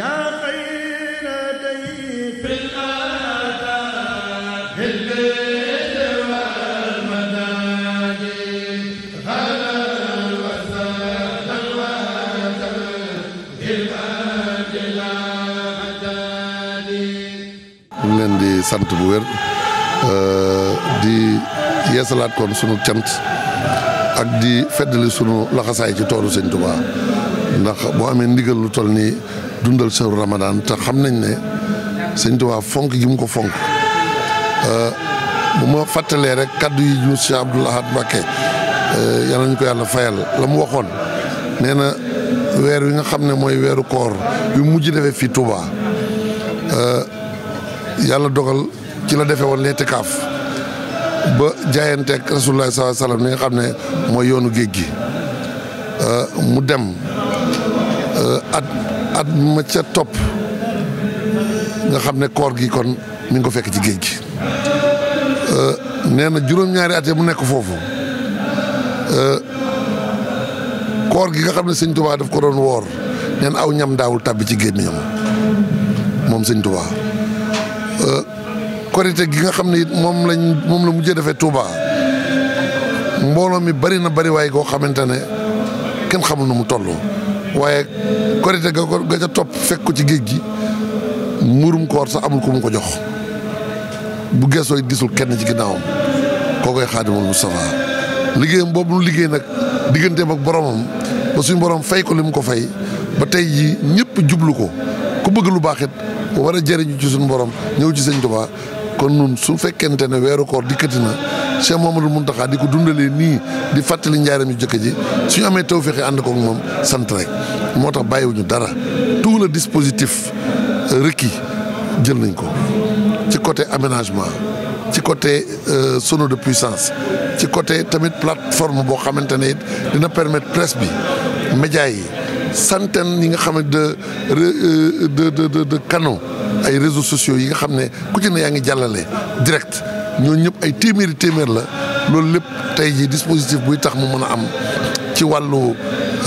yaa xayra day fil aadaa fil baydi wal madaadi halan wa sahlan wa ahlan bil baadi laa adaadi ñu ngi leen di sant bu wér euh, di yeesalaat kon sunu cant ak di feddali sunu laxasaay ci toolu Sëñ Tuubaa ndax boo amee ndigal lu toll nii dundal seeru Ramadan te xam nañ ne sëñ Tuubaa fonk gi mu ko fonk euh, bu ma fàttalee rek kaddu yi ñu Cheikh Abdoul Ahad Mbacké euh, yal nañ ko yàlla fayal la mu waxoon nee na weer wi nga xam ne mooy weeru koor bi mujj defee fii Touba euh, yàlla dogal ci la defee woon l'itikaaf ba jaayanteeg Rasulullah sallallahu alayhi wasallam li nga xam ne mooy yoonu géej gi mu dem at at ma ca topp nga xam ne koor gi kon mi ngi ko fekk ci géej gi euh, nee na juróom-ñaari at yi mu nekk foofu euh, koor gi nga xam ne sëñ Tuubaa daf ko doon woor nee aw ñam daawul tàbbi ci gémmiñam moom sëñ Tuubaa euh, korite gi nga xam ne it moom lañ moom la mujjee defee Tuubaa mbooloo mi bari na bari waaye goo xamante ne kenn xamul na mu toll waaye korite ga ko ga ca topp fekk ko ci géej gi murum koor sax amul ko mu ko jox bu geesoo it gisul kenn ci ginnaawam koo koy xaadimul Moustapha liggéeyam boobu nu liggéey nag digganteem ak boromam ba suñu boroom fay ko li mu ko fay ba tey jii ñëpp jublu ko ku bëgg lu baax it war a jëriñu ci suñu borom ñëw ci sëñ Tuubaa kon nun su fekkente ne weeru koor dikkati na a Cheikh Mouhamadou Mountakha di ko dundalee nii di fàttali njaaram yu jëkk ji suñu amee tawféex ànd koog moom sant rek moo tax bàyyiwuñu dara tout le dispositif euh, requis jël nañ ko ci côté aménagement ci côté sono euh, de puissance ci côté tamit plateforme boo xamante ne it dina permettre presse bi média yi centaine yi nga xam ne de euh, de de de ay réseaux sociaux yi nga xam ne ku ci ne yaa ngi jàllale direct ñooñu ñëpp ay téeméeri téeméer la loolu lépp tey jii dispositif buy tax mu mën a am ci wàllu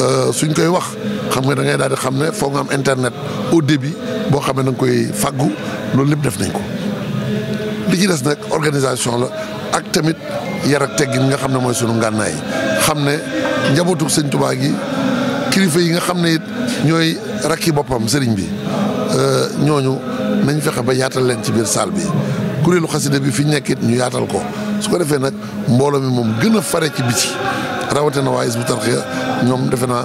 euh, suñ koy wax xam nga da daal di xam ne foog nga am internet au bi boo xam ne da koy fàggu loolu lépp def nañ ko li ci des nag organisation la ak tamit yarak ak teggin nga xam ne mooy sunu ngànnaay xam ne njabootu sëñ Tuubaa gi kilifa yi nga xam ne it ñooy rakki boppam sëriñ bi euh, ñooñu nañ fexe ba yaatal leen ci biir saal bi kuréelu xasida bi fi ñu nekkit ñu yaatal ko su ko defee nag mbooloo mi moom gën a fare ci bi biti rawatina waa Hizbut Tarqiyyah ñoom defe naa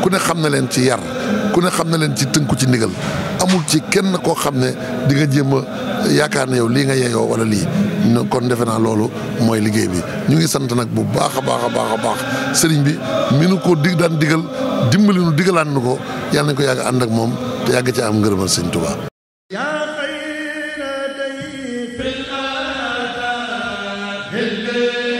ku ne xam na leen ci yar ku ne xam na leen ci tënku ci ndigal amul ci kenn koo xam ne di nga jéem a yaakaar ne yow lii nga yeyoo wala lii kon defe naa loolu mooy liggéey bi ñu ngi sant nag bu baax a baax a baax a baax sëriñ bi mi nu ko dig daan digal dimbali nu digalaan nu ko yàlla nañ ko yàgg ànd ak moom te yàgg ci am ngërëmal sëñ Tuubaa Hello.